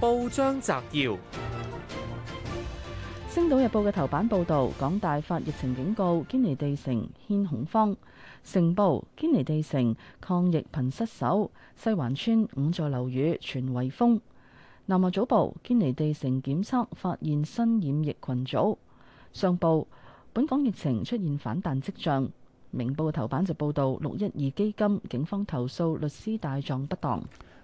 報章摘要：《星島日報》嘅頭版報道，港大發疫情警告，堅尼地城掀恐慌；成報，堅尼地城抗疫頻失守，西環村五座樓宇全圍封。南華早報，堅尼地城檢測發現新染疫群組。上報，本港疫情出現反彈跡象。明報嘅頭版就報道六一二基金，警方投訴律師大狀不當。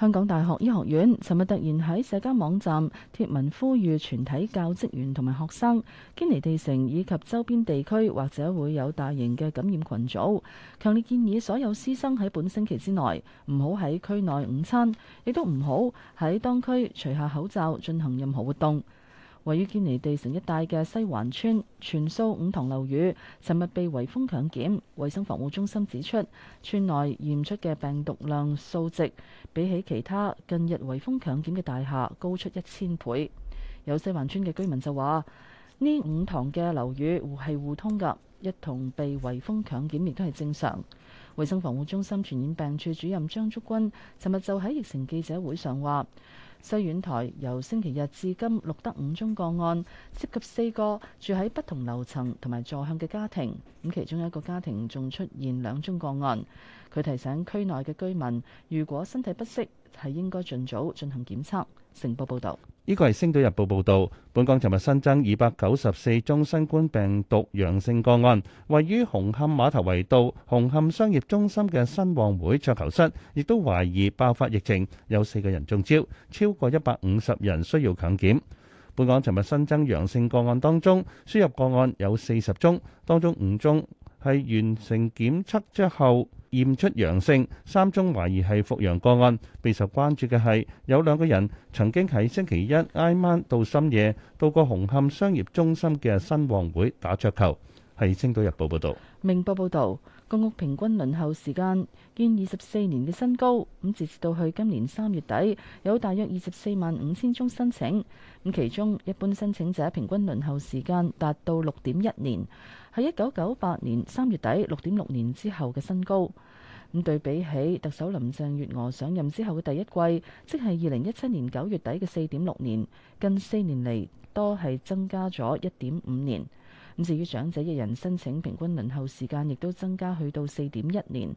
香港大學醫學院尋日突然喺社交網站貼文呼籲全體教職員同埋學生，堅尼地城以及周邊地區或者會有大型嘅感染群組，強烈建議所有師生喺本星期之內唔好喺區內午餐，亦都唔好喺當區除下口罩進行任何活動。位於堅尼地城一帶嘅西環村全數五幢樓宇，尋日被圍封強檢。衛生防護中心指出，村內驗出嘅病毒量數值，比起其他近日圍封強檢嘅大廈高出一千倍。有西環村嘅居民就話：呢五幢嘅樓宇係互通㗎，一同被圍封強檢亦都係正常。衛生防護中心傳染病處主任張竹君尋日就喺疫情記者會上話。西苑台由星期日至今錄得五宗個案，涉及四個住喺不同樓層同埋坐向嘅家庭。咁其中有一個家庭仲出現兩宗個案。佢提醒區內嘅居民，如果身體不適，係應該盡早進行檢測。成報報導，呢個係《星島日報》報導。本港尋日新增二百九十四宗新冠病毒陽性個案，位於紅磡碼頭圍道、紅磡商業中心嘅新旺會桌球室亦都懷疑爆發疫情，有四個人中招，超過一百五十人需要強檢。本港尋日新增陽性個案當中，輸入個案有四十宗，當中五宗係完成檢測之後驗出陽性，三宗懷疑係復陽個案。備受關注嘅係有兩個人曾經喺星期一挨晚到深夜到過紅磡商業中心嘅新旺會打桌球。喺《星島日報》報道，《明報》報道，公屋平均輪候時間見二十四年嘅新高。咁截至到去今年三月底，有大約二十四萬五千宗申請。咁其中一般申請者平均輪候時間達到六點一年。係一九九八年三月底六點六年之後嘅新高，咁對比起特首林鄭月娥上任之後嘅第一季，即係二零一七年九月底嘅四點六年，近四年嚟多係增加咗一點五年。咁至於長者一人申請平均輪候時間，亦都增加去到四點一年。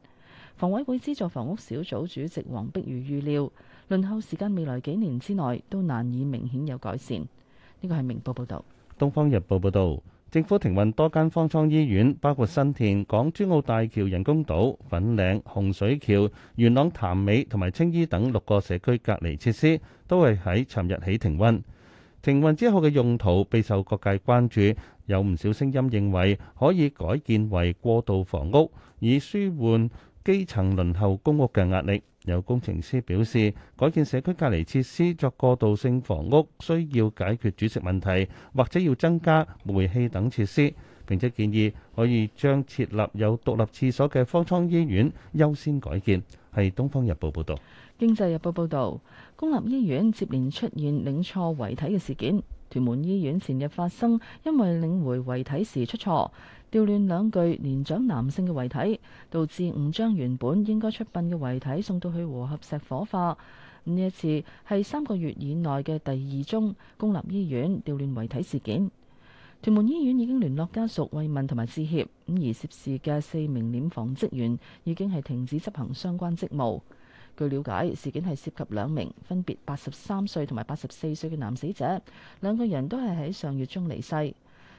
房委會資助房屋小組主席黃碧如預料，輪候時間未來幾年之內都難以明顯有改善。呢個係明報報道。《東方日報》報道。政府停運多間方艙醫院，包括新田、港珠澳大橋人工島、粉嶺、洪水橋、元朗潭尾同埋青衣等六個社區隔離設施，都係喺尋日起停運。停運之後嘅用途備受各界關注，有唔少聲音認為可以改建為過渡房屋，以舒緩基層輪候公屋嘅壓力。有工程師表示，改建社區隔離設施作過渡性房屋，需要解決煮食問題，或者要增加煤氣等設施。並且建議可以將設立有獨立廁所嘅方艙醫院優先改建。係《東方日報,報道》報導，《經濟日報》報導，公立醫院接連出現領錯遺體嘅事件。屯門醫院前日發生，因為領回遺體時出錯，調亂兩具年長男性嘅遺體，導致誤將原本應該出殯嘅遺體送到去和合石火化。咁呢一次係三個月以內嘅第二宗公立醫院調亂遺體事件。屯門醫院已經聯絡家屬慰問同埋致歉，咁而涉事嘅四名殮房職員已經係停止執行相關職務。據了解，事件係涉及兩名分別八十三歲同埋八十四歲嘅男死者，兩個人都係喺上月中離世。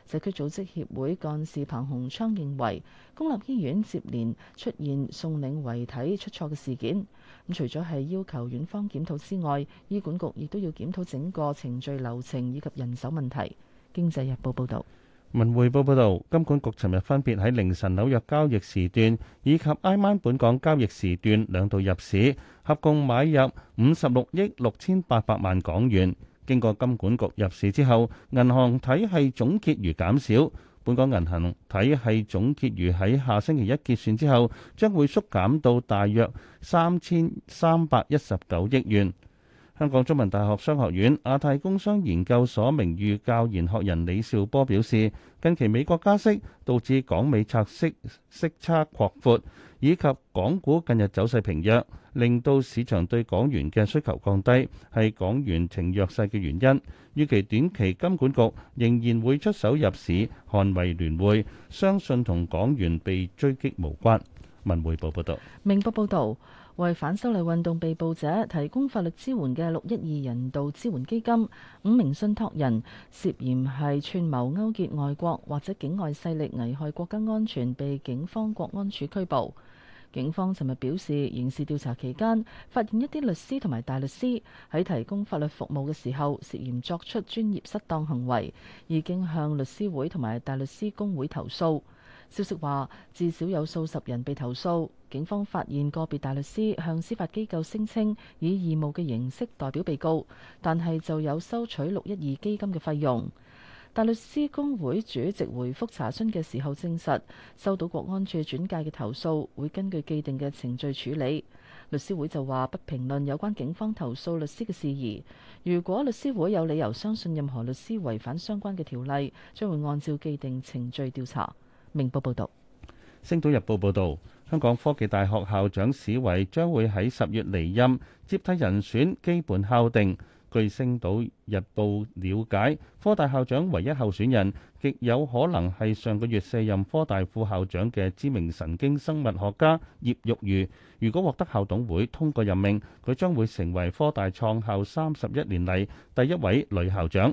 社區組織協會幹事彭洪昌認為，公立醫院接連出現送領遺體出錯嘅事件，咁除咗係要求院方檢討之外，醫管局亦都要檢討整個程序流程以及人手問題。經濟日報報道。文匯報報道，金管局尋日分別喺凌晨紐約交易時段以及挨晚本港交易時段兩度入市，合共買入五十六億六千八百萬港元。經過金管局入市之後，銀行體系總結餘減少，本港銀行體系總結餘喺下星期一結算之後將會縮減到大約三千三百一十九億元。香港中文大學商學院亞太工商研究所名譽教研學人李兆波表示，近期美國加息導致港美拆息息差擴闊，以及港股近日走勢平弱，令到市場對港元嘅需求降低，係港元呈弱勢嘅原因。預期短期金管局仍然會出手入市捍衞聯匯，相信同港元被追擊無關。文匯報報道，明報報道，為反修例運動被捕者提供法律支援嘅六一二人道支援基金五名信託人涉嫌係串謀勾結外國或者境外勢力危害國家安全，被警方國安處拘捕。警方尋日表示，刑事調查期間發現一啲律師同埋大律師喺提供法律服務嘅時候涉嫌作出專業失當行為，已經向律師會同埋大律師公會投訴。消息話，至少有數十人被投訴。警方發現個別大律師向司法機構聲稱以義務嘅形式代表被告，但係就有收取六一二基金嘅費用。大律師公會主席回覆查詢嘅時候證實，收到國安處轉介嘅投訴，會根據既定嘅程序處理。律師會就話不評論有關警方投訴律師嘅事宜。如果律師會有理由相信任何律師違反相關嘅條例，將會按照既定程序調查。明報報導，《星島日報》報道：香港科技大學校長史維將會喺十月離任，接替人選基本敲定。據《星島日報》了解，科大校長唯一候選人極有可能係上個月卸任科大副校長嘅知名神經生物學家葉玉如。如果獲得校董會通過任命，佢將會成為科大創校三十一年嚟第一位女校長。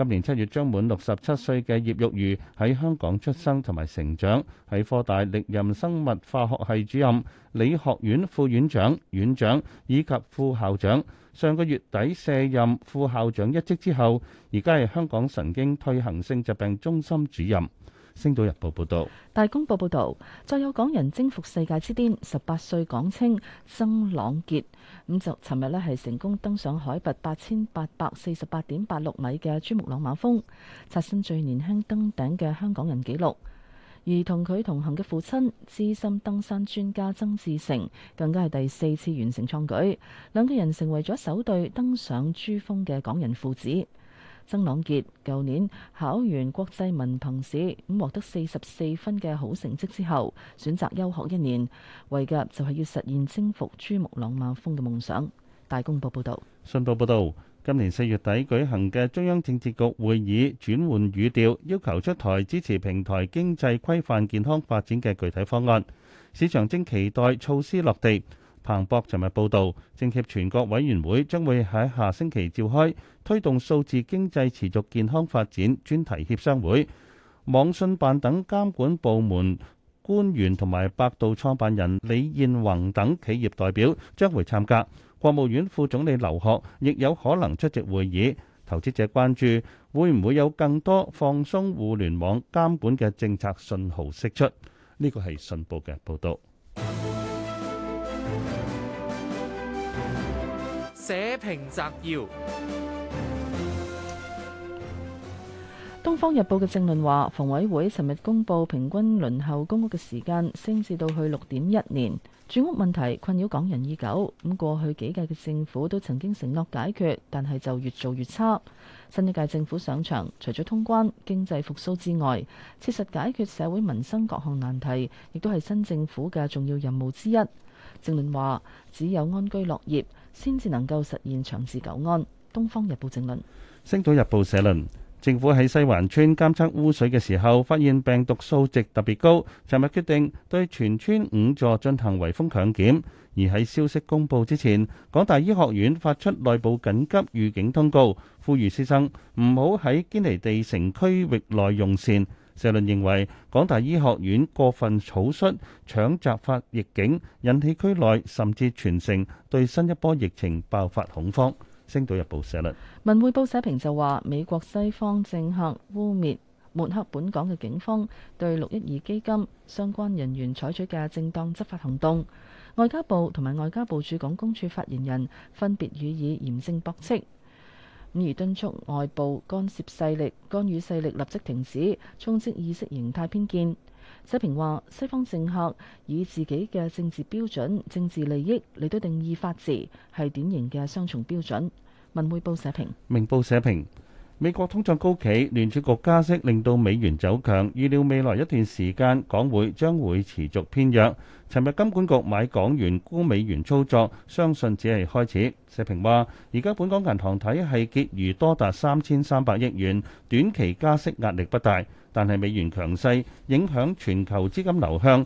今年七月將滿六十七歲嘅葉玉如喺香港出生同埋成長，喺科大歷任生物化學系主任、理學院副院長、院長以及副校長。上個月底卸任副校長一職之後，而家係香港神經退行性疾病中心主任。星島日報報道，大公報報道，再有港人征服世界之巔，十八歲港青曾朗傑咁就，尋日呢係成功登上海拔八千八百四十八點八六米嘅珠穆朗瑪峰，刷新最年輕登頂嘅香港人紀錄。而同佢同行嘅父親資深登山專家曾志成，更加係第四次完成創舉，兩個人成為咗首對登上珠峰嘅港人父子。曾朗杰，舊年考完國際文憑試，咁獲得四十四分嘅好成績之後，選擇休學一年，為嘅就係要實現征服珠穆朗瑪峰嘅夢想。大公報報道。信報報道，今年四月底舉行嘅中央政治局會議轉換語調，要求出台支持平台經濟規範健康發展嘅具體方案，市場正期待措施落地。彭博尋日報導，政協全國委員會將會喺下星期召開推動數字經濟持續健康發展專題協商會，網信辦等監管部門官員同埋百度創辦人李彥宏等企業代表將會參加，國務院副總理劉鶴亦有可能出席會議。投資者關注會唔會有更多放鬆互聯網監管嘅政策信號釋出。呢個係信報嘅報導。社評摘要，《東方日報》嘅正論話，房委會尋日公布平均輪候公屋嘅時間升至到去六點一年。住屋問題困擾港人已久，咁過去幾屆嘅政府都曾經承諾解決，但係就越做越差。新一屆政府上場，除咗通關、經濟復蘇之外，切實解決社會民生各項難題，亦都係新政府嘅重要任務之一。正論話，只有安居樂業，先至能夠實現長治久安。《東方日報》正論，《星島日報》社論：政府喺西環村監測污水嘅時候，發現病毒數值特別高，尋日決定對全村五座進行圍封強檢。而喺消息公佈之前，港大醫學院發出內部緊急預警通告，呼籲師生唔好喺堅尼地城區域內用膳。社論認為，港大醫學院過分草率搶執法疫警，引起區內甚至全城對新一波疫情爆發恐慌。星島日報社論，文匯報社評就話，美國西方政客污衊抹黑本港嘅警方對六一二基金相關人員採取嘅正當執法行動，外交部同埋外交部駐港公署發言人分別予以嚴正駁斥。五而敦促外部干涉勢力、干預勢力立即停止衝擊，意識形態偏見。社評話，西方政客以自己嘅政治標準政治利益嚟，到定義法治，係典型嘅雙重標準。文匯報社評，明報社評。美國通脹高企，聯儲局加息令到美元走強，預料未來一段時間港匯將會持續偏弱。尋日金管局買港元沽美元操作，相信只係開始。石平話：而家本港銀行體系結餘多達三千三百億元，短期加息壓力不大，但係美元強勢影響全球資金流向，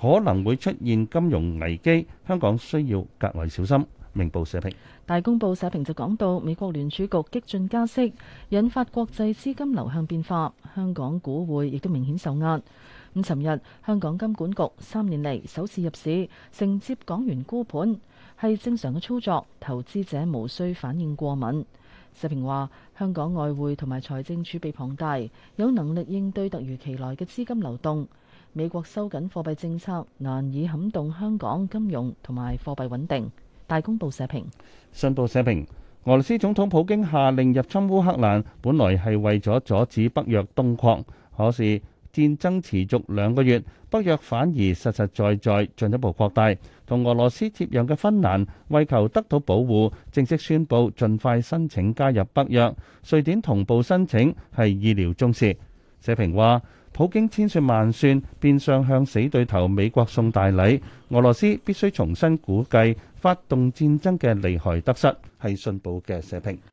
可能會出現金融危機，香港需要格外小心。明報社評。大公報社評就講到，美國聯儲局激進加息，引發國際資金流向變化，香港股匯亦都明顯受壓。咁，尋日香港金管局三年嚟首次入市承接港元沽盤，係正常嘅操作，投資者無需反應過敏。社評話，香港外匯同埋財政儲備龐大，有能力應對突如其來嘅資金流動。美國收緊貨幣政策，難以撼動香港金融同埋貨幣穩定。大公報社評。信報社評，俄羅斯總統普京下令入侵烏克蘭，本來係為咗阻止北約東擴，可是戰爭持續兩個月，北約反而實實在在進一步擴大。同俄羅斯接壤嘅芬蘭為求得到保護，正式宣布盡快申請加入北約。瑞典同步申請係意料中事。社評話。普京千算萬算，變相向死對頭美國送大禮。俄羅斯必須重新估計發動戰爭嘅利害得失，係信報嘅社評。